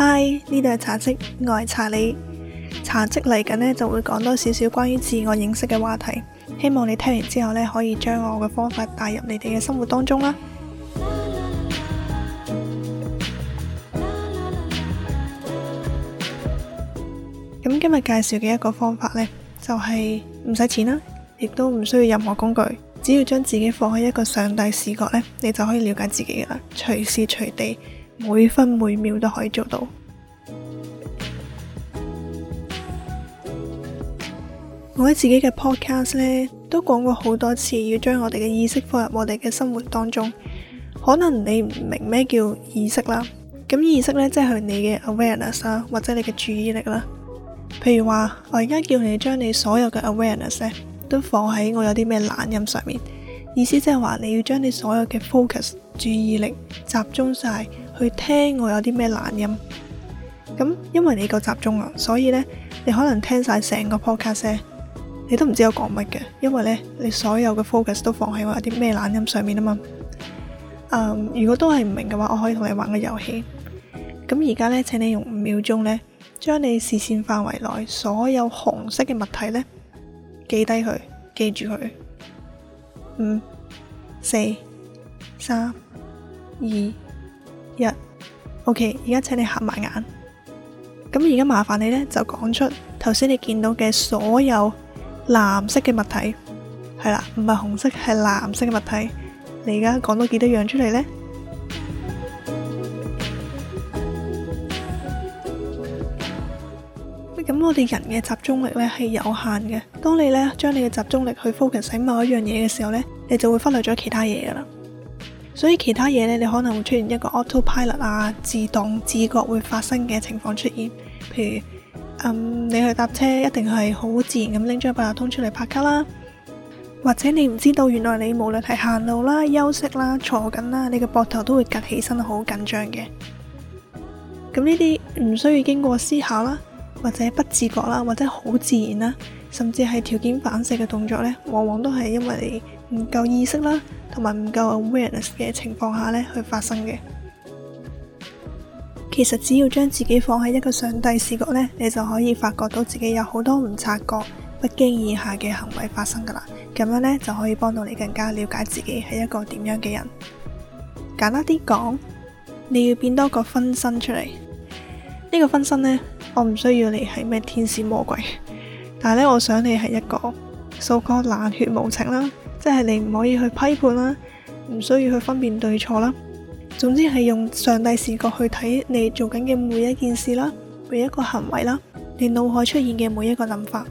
Hi，呢度係茶色，我係查理。茶色嚟緊呢就會講多少少關於自我認識嘅話題。希望你聽完之後呢可以將我嘅方法帶入你哋嘅生活當中啦。咁 今日介紹嘅一個方法呢，就係唔使錢啦，亦都唔需要任何工具，只要將自己放喺一個上帝視角呢，你就可以了解自己噶啦。隨時隨地，每分每秒都可以做到。我喺自己嘅 podcast 咧，都講過好多次，要將我哋嘅意識放入我哋嘅生活當中。可能你唔明咩叫意識啦，咁意識咧即係你嘅 awareness 啦，或者你嘅注意力啦。譬如話，我而家叫你將你將你所有嘅 awareness 咧，都放喺我有啲咩懶音上面。意思即係話，你要將你所有嘅 focus 注意力集中晒去聽我有啲咩懶音。咁因為你夠集中啊，所以咧，你可能聽晒成個 podcast 咧。你都唔知我講乜嘅，因為呢，你所有嘅 focus 都放喺我一啲咩懶音上面啊嘛。Um, 如果都係唔明嘅話，我可以同你玩個遊戲。咁而家呢，請你用五秒鐘呢，將你視線範圍內所有紅色嘅物體呢，記低佢，記住佢。五、四、三、二、一。OK，而家請你合埋眼。咁而家麻煩你呢，就講出頭先你見到嘅所有藍色嘅物體，係啦，唔係紅色，係藍色嘅物體。你而家講到幾多樣出嚟呢？咁 我哋人嘅集中力咧係有限嘅。當你咧將你嘅集中力去 focus 喺某一樣嘢嘅時候咧，你就會忽略咗其他嘢噶啦。所以其他嘢咧，你可能會出現一個 auto pilot 啊、自動自覺會發生嘅情況出現，譬如。嗯，你去搭車一定係好自然咁拎張八達通出嚟拍卡啦，或者你唔知道，原來你無論係行路啦、休息啦、坐緊啦，你嘅膊頭都會趷起身，好緊張嘅。咁呢啲唔需要經過思考啦，或者不自覺啦，或者好自然啦，甚至係條件反射嘅動作呢，往往都係因為你唔夠意識啦，同埋唔夠 awareness 嘅情況下呢去發生嘅。其實只要將自己放喺一個上帝視角呢，你就可以發覺到自己有好多唔察覺、不經意下嘅行為發生噶啦。咁樣呢，就可以幫到你更加了解自己係一個點樣嘅人。簡單啲講，你要變多個分身出嚟。呢個分身呢，我唔需要你係咩天使魔鬼，但係咧，我想你係一個蘇哥冷血無情啦，即係你唔可以去批判啦，唔需要去分辨對錯啦。總之係用上帝視角去睇你做緊嘅每一件事啦，每一個行為啦，你腦海出現嘅每一個諗法。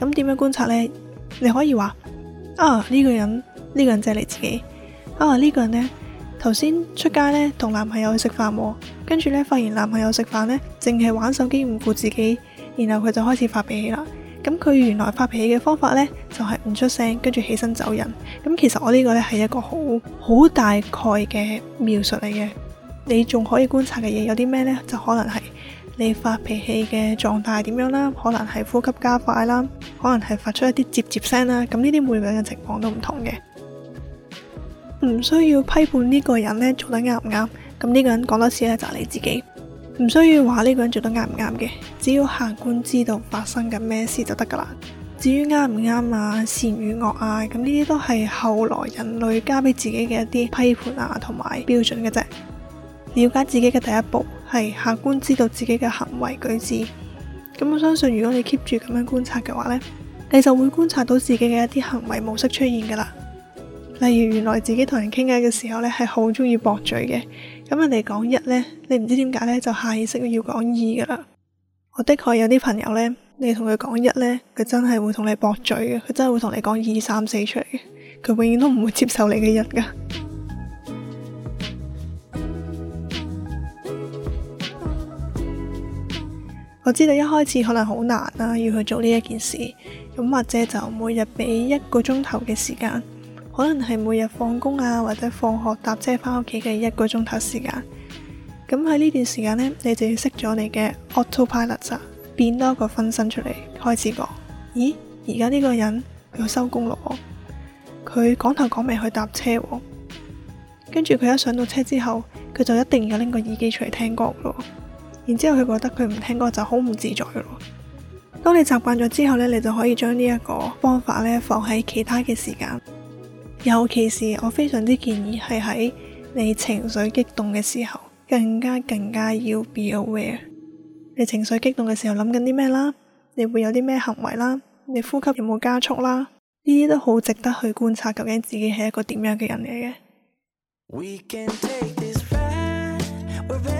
咁點樣觀察呢？你可以話，啊，呢個人呢個人就係你自己啊。呢個人呢，頭先出街呢，同男朋友去食飯喎，跟住呢，發現男朋友食飯呢，淨係玩手機唔顧自己，然後佢就開始發脾氣啦。咁佢原來發脾氣嘅方法呢，就係唔出聲，跟住起身走人。咁其實我呢個呢，係一個好好大概嘅描述嚟嘅。你仲可以觀察嘅嘢有啲咩呢？就可能係你發脾氣嘅狀態點樣啦，可能係呼吸加快啦，可能係發出一啲接接聲啦。咁呢啲每個人嘅情況都唔同嘅，唔需要批判呢個人呢做得啱唔啱。咁呢個人講多次呢，就係你自己。唔需要話呢個人做得啱唔啱嘅，只要客觀知道發生緊咩事就得噶啦。至於啱唔啱啊，善與惡啊，咁呢啲都係後來人類加俾自己嘅一啲批判啊，同埋標準嘅啫。了解自己嘅第一步係客觀知道自己嘅行為舉止。咁我相信如果你 keep 住咁樣觀察嘅話呢，你就會觀察到自己嘅一啲行為模式出現噶啦。例如原來自己同人傾偈嘅時候呢，係好中意駁嘴嘅。咁人哋講一咧，你唔知點解咧，就下意識要講二噶啦。我的確有啲朋友咧，你同佢講一咧，佢真係會同你駁嘴嘅，佢真係會同你講二三四出嚟嘅，佢永遠都唔會接受你嘅一噶。 我知道一開始可能好難啦、啊，要去做呢一件事。咁或者就每日俾一個鐘頭嘅時間。可能係每日放工啊，或者放學搭車返屋企嘅一個鐘頭時間。咁喺呢段時間呢，你就要熄咗你嘅 auto pilot 啦，變多一個分身出嚟開始講。咦，而家呢個人佢要收工咯，佢講頭講尾去搭車喎。跟住佢一上到車之後，佢就一定要拎個耳機出嚟聽歌咯。然之後佢覺得佢唔聽歌就好唔自在咯。當你習慣咗之後呢，你就可以將呢一個方法呢，放喺其他嘅時間。尤其是我非常之建議係喺你情緒激動嘅時候，更加更加要 be aware。你情緒激動嘅時候諗緊啲咩啦？你會有啲咩行為啦？你呼吸有冇加速啦？呢啲都好值得去觀察，究竟自己係一個點樣嘅人嚟嘅。We can take this ride, we're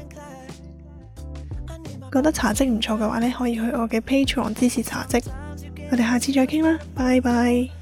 覺得茶漬唔錯嘅話咧，可以去我嘅 Patreon 支持茶漬。我哋下次再傾啦，拜拜。